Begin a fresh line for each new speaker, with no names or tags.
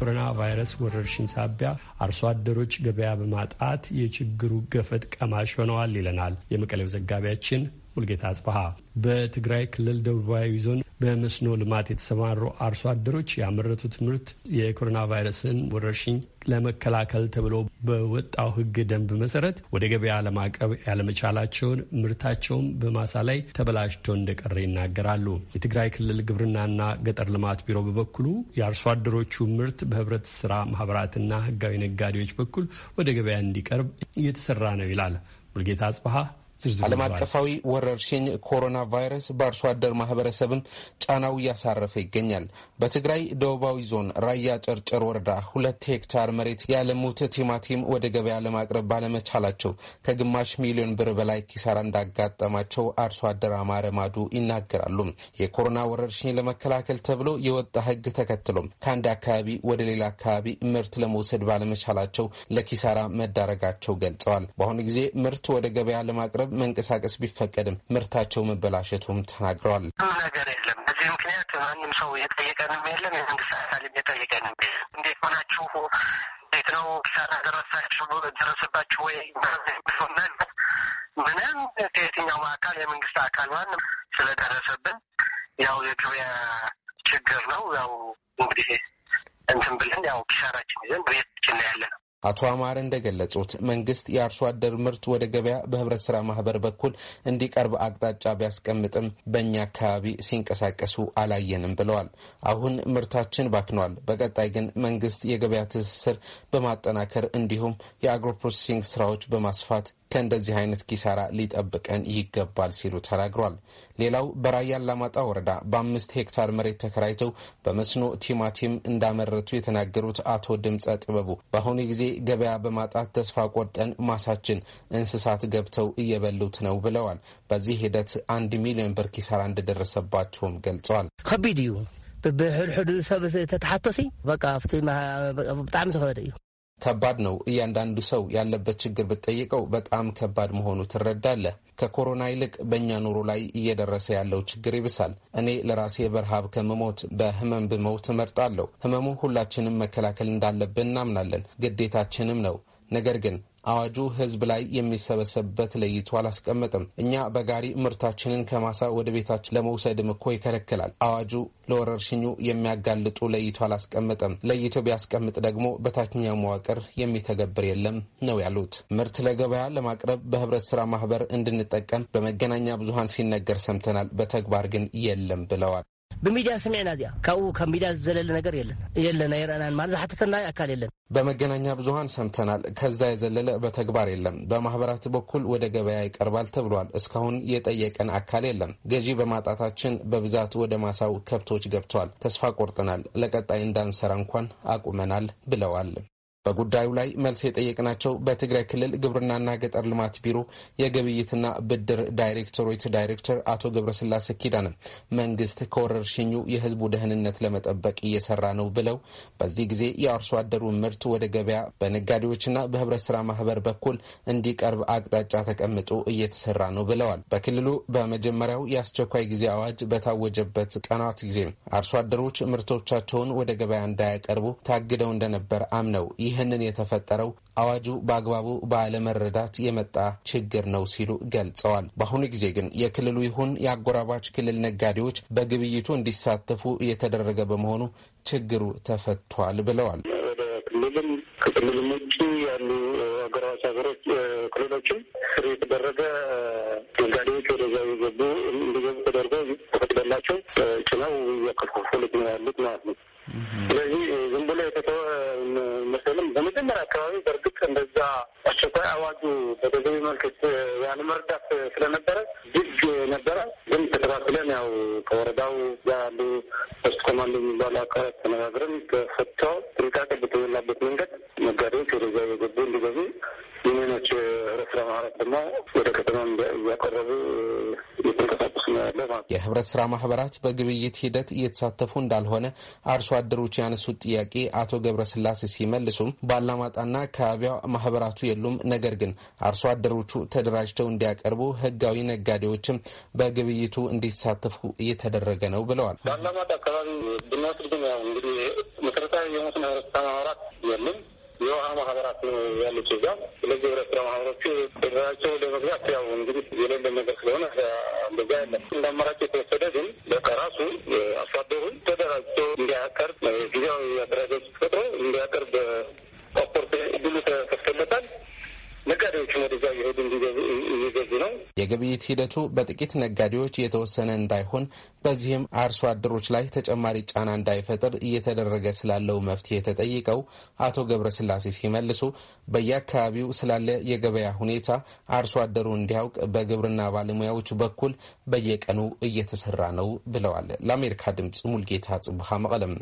ኮሮና ቫይረስ ወረርሽኝ ሳቢያ አርሶ አደሮች ገበያ በማጣት የችግሩ ገፈት ቀማሽ ሆነዋል ይለናል የመቀሌው ዘጋቢያችን ሙልጌታ አጽበሃ። በትግራይ ክልል ደቡባዊ ዞን በመስኖ ልማት የተሰማሩ አርሶ አደሮች ያመረቱት ምርት የኮሮና ቫይረስን ወረርሽኝ ለመከላከል ተብሎ በወጣው ሕግ ደንብ መሰረት ወደ ገበያ ለማቅረብ ያለመቻላቸውን ምርታቸውም በማሳ ላይ ተበላሽቶ እንደቀረ ይናገራሉ። የትግራይ ክልል ግብርናና ገጠር ልማት ቢሮ በበኩሉ የአርሶ አደሮቹ ምርት በህብረት ስራ ማህበራትና ህጋዊ ነጋዴዎች በኩል ወደ ገበያ እንዲቀርብ እየተሰራ ነው ይላል። ሙልጌታ አጽበሀ ዓለም አቀፋዊ
ወረርሽኝ ኮሮና ቫይረስ በአርሶ አደር ማህበረሰብም ጫናው እያሳረፈ ይገኛል። በትግራይ ደቡባዊ ዞን ራያ ጨርጨር ወረዳ ሁለት ሄክታር መሬት ያለሙት ቲማቲም ወደ ገበያ ለማቅረብ ባለመቻላቸው ከግማሽ ሚሊዮን ብር በላይ ኪሳራ እንዳጋጠማቸው አርሶ አደር አማረ ማዱ ይናገራሉ። የኮሮና ወረርሽኝ ለመከላከል ተብሎ የወጣ ህግ ተከትሎም ከአንድ አካባቢ ወደ ሌላ አካባቢ ምርት ለመውሰድ ባለመቻላቸው ለኪሳራ መዳረጋቸው ገልጸዋል። በአሁኑ ጊዜ ምርት ወደ ገበያ ለማቅረብ መንቀሳቀስ ቢፈቀድም ምርታቸው መበላሸቱም ተናግረዋል። ነገር የለም። በዚህ ምክንያት ማንም ሰው እየጠየቀንም የለም፣ የመንግስት አካልም እየጠየቀንም እንዴት ሆናችሁ ነው
ኪሳራ ደረሳችሁ ደረሰባችሁ ወይ ምንም አካል የመንግስት አካል ማንም ስለደረሰብን ያው የገበያ ችግር ነው። ያው እንግዲህ እንትን ብለን ያው ኪሳራችን ይዘን ቤት ችና ያለ
ነው። አቶ አማረ እንደገለጹት መንግስት የአርሶ አደር ምርት ወደ ገበያ በህብረት ስራ ማህበር በኩል እንዲቀርብ አቅጣጫ ቢያስቀምጥም በእኛ አካባቢ ሲንቀሳቀሱ አላየንም ብለዋል። አሁን ምርታችን ባክኗል። በቀጣይ ግን መንግስት የገበያ ትስስር በማጠናከር እንዲሁም የአግሮ ፕሮሴሲንግ ስራዎች በማስፋት ከእንደዚህ አይነት ኪሳራ ሊጠብቀን ይገባል ሲሉ ተናግሯል። ሌላው በራያ አላማጣ ወረዳ በአምስት ሄክታር መሬት ተከራይተው በመስኖ ቲማቲም እንዳመረቱ የተናገሩት አቶ ድምፀ ጥበቡ በአሁኑ ጊዜ ገበያ በማጣት ተስፋ ቆርጠን ማሳችን እንስሳት ገብተው እየበሉት ነው ብለዋል። በዚህ ሂደት አንድ ሚሊዮን ብር ኪሳራ እንደደረሰባቸውም ገልጸዋል።
ከቢድ እዩ ብሕድሕዱ ሰብ ተተሓቶሲ በቃ ብጣዕሚ ዝኸበደ እዩ
ከባድ ነው። እያንዳንዱ ሰው ያለበት ችግር ብትጠይቀው በጣም ከባድ መሆኑ ትረዳለህ። ከኮሮና ይልቅ በእኛ ኑሮ ላይ እየደረሰ ያለው ችግር ይብሳል። እኔ ለራሴ በረሃብ ከምሞት በህመም ብመው ትመርጣለሁ። ህመሙ ሁላችንም መከላከል እንዳለብን እናምናለን፣ ግዴታችንም ነው። ነገር ግን አዋጁ ህዝብ ላይ የሚሰበሰብበት ለይቶ አላስቀመጥም። እኛ በጋሪ ምርታችንን ከማሳ ወደ ቤታችን ለመውሰድም እኮ ይከለክላል። አዋጁ ለወረርሽኙ የሚያጋልጡ ለይቶ አላስቀመጠም። ለይቶ ቢያስቀምጥ ደግሞ በታችኛው መዋቅር የሚተገብር የለም ነው ያሉት። ምርት ለገበያ ለማቅረብ በህብረት ስራ ማህበር እንድንጠቀም በመገናኛ ብዙሀን ሲነገር ሰምተናል። በተግባር ግን የለም ብለዋል።
ብሚድያ ስሚዕና እዚኣ ካብኡ ካብ ሚድያ ዝዘለለ ነገር የለን የለን ኣይረአናን ማለት ዝሓተተና ኣካል የለን
በመገናኛ ብዙሀን ሰምተናል። ከዛ የዘለለ በተግባር የለም። በማህበራት በኩል ወደ ገበያ ይቀርባል ተብሏል። እስካሁን የጠየቀን አካል የለም። ገዢ በማጣታችን በብዛት ወደ ማሳው ከብቶች ገብተዋል። ተስፋ ቆርጥናል ለቀጣይ እንዳንሰራ እንኳን አቁመናል ብለዋል። በጉዳዩ ላይ መልስ የጠየቅናቸው በትግራይ ክልል ግብርናና ገጠር ልማት ቢሮ የግብይትና ብድር ዳይሬክቶሬት ዳይሬክተር አቶ ገብረስላሴ ኪዳንም መንግስት ከወረርሽኙ የህዝቡ ደህንነት ለመጠበቅ እየሰራ ነው ብለው በዚህ ጊዜ የአርሶ አደሩ ምርት ወደ ገበያ በነጋዴዎችና በህብረት ስራ ማህበር በኩል እንዲቀርብ አቅጣጫ ተቀምጦ እየተሰራ ነው ብለዋል። በክልሉ በመጀመሪያው የአስቸኳይ ጊዜ አዋጅ በታወጀበት ቀናት ጊዜ አርሶ አደሮች ምርቶቻቸውን ወደ ገበያ እንዳያቀርቡ ታግደው እንደነበር አምነው ይህንን የተፈጠረው አዋጁ በአግባቡ ባለመረዳት የመጣ ችግር ነው ሲሉ ገልጸዋል። በአሁኑ ጊዜ ግን የክልሉ ይሁን የአጎራባች ክልል ነጋዴዎች በግብይቱ እንዲሳተፉ እየተደረገ በመሆኑ ችግሩ ተፈቷል ብለዋል። ክልልም ከክልልም ውጭ ያሉ አጎራባች ሀገሮች ክልሎችም
ስር የተደረገ ነጋዴዎች ወደዚያ የገቡ እንዲገቡ ተደርጎ ተፈቅደላቸው ጭነው እያከፉ በአስቸኳይ አዋጁ በገዘቢ መልክ ያለ መርዳት ስለነበረ ግድ ነበረ። ግን ተከታትለን ያው ከወረዳው ያሉ ፖስት ኮማንዶ የሚባሉ አካላት ተነጋግረን ከፈቶ ጥንቃቄ በተሞላበት መንገድ ነጋዴዎች ወደዛ እየገቡ እንዲገቡ ዩኒዮኖች
ረስራ ማህረት ደግሞ ወደ ከተማ እያቀረቡ የህብረት ስራ ማህበራት በግብይት ሂደት እየተሳተፉ እንዳልሆነ አርሶ አደሮች ያነሱት ጥያቄ አቶ ገብረስላሴ ሲመልሱም ባላማጣና አካባቢዋ ማህበራቱ የሉም፣ ነገር ግን አርሶ አደሮቹ ተደራጅተው እንዲያቀርቡ ህጋዊ ነጋዴዎችም በግብይቱ እንዲሳተፉ እየተደረገ ነው ብለዋል።
ባላማጣ አካባቢ ብንወስድ ግን እንግዲህ መሰረታዊ የሆኑትን ህብረት ስራ ማህበራት የሉም። የውሃ ማህበራት ነው ያሉት እዛ። ስለዚህ ወደ ስራ ማህበሮቹ ብራቸው ለመግዛት ያው እንግዲህ የሌለ ነገር ስለሆነ እንደዛ ያለ እንደ አማራጭ የተወሰደ ግን በራሱ አርሶ አደሩ ተደራጅቶ እንዲያቀርብ ጊዜያዊ አደረጃጀት ፈጥሮ እንዲያቀርብ ኦፖርት ድሉ ተከፍቶለታል። ነጋዴዎቹም ወደዛ እየሄዱ እየገዙ ነው።
የግብይት ሂደቱ በጥቂት ነጋዴዎች የተወሰነ እንዳይሆን በዚህም አርሶ አደሮች ላይ ተጨማሪ ጫና እንዳይፈጥር እየተደረገ ስላለው መፍትሄ ተጠይቀው አቶ ገብረስላሴ ሲመልሱ በየአካባቢው ስላለ የገበያ ሁኔታ አርሶ አደሩ እንዲያውቅ በግብርና ባለሙያዎች በኩል በየቀኑ እየተሰራ
ነው ብለዋል። ለአሜሪካ ድምጽ ሙልጌታ ጽቡሃ መቀለም